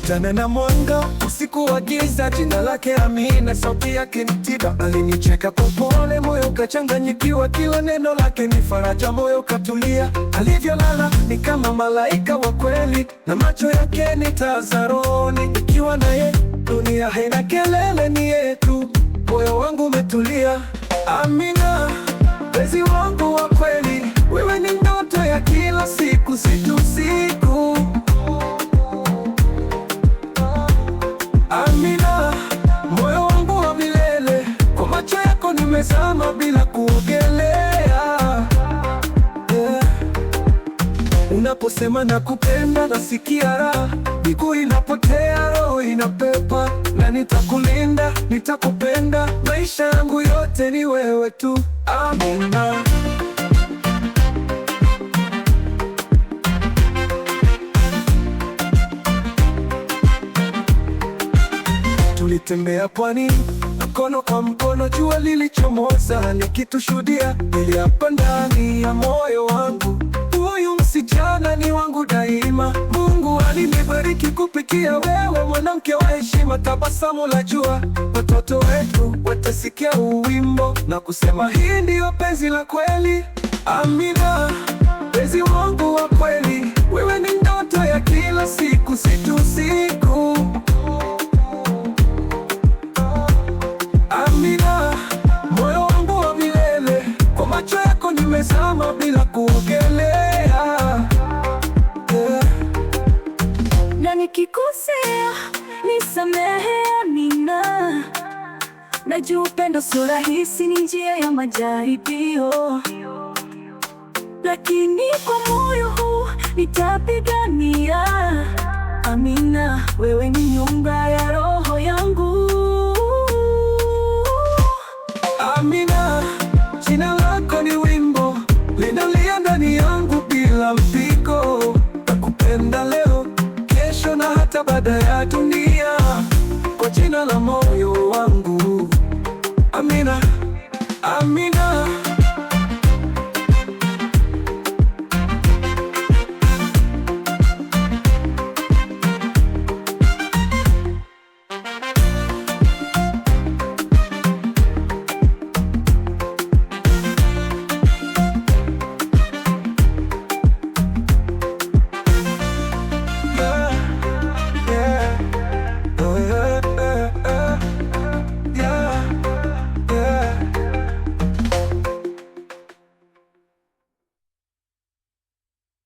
Kutana na mwanga usiku wa giza, jina lake Amina, sauti yake ni tiba. Alinicheka kwa upole moyo ukachanganyikiwa, kila neno lake ni faraja, moyo ukatulia. Alivyolala ni kama malaika wa kweli, na macho yake ni taa za rohoni. Ikiwa naye dunia haina kelele, ni yetu, moyo wangu umetulia. Amina. nimezama bila kuogelea yeah. Unaposema nakupenda nasikia raha, miguu inapotea, roho inapepa, na nitakulinda, nitakupenda, maisha yangu yote ni wewe tu, Amina. Tulitembea pwani mkono kwa mkono, jua lilichomoza nikitushuhudia, niliapa ndani ya moyo wangu, huyu msichana ni wangu daima. Mungu alinibariki kupitia wewe, mwanamke wa heshima, tabasamu la jua. Watoto wetu watasikia uwimbo na kusema, hii ndiyo penzi la kweli. Amina, penzi wangu wa kweli, wewe ni ndoto ya kila Najua upendo sio rahisi, ni njia ya majaribio, lakini kwa moyo huu nitapigania. Amina, wewe ni nyumba ya roho yangu. Amina, jina lako ni wimbo linalia ndani yangu bila mpiko. Nakupenda leo, kesho na hata baada ya dunia, kwa jina la moyo wangu I'm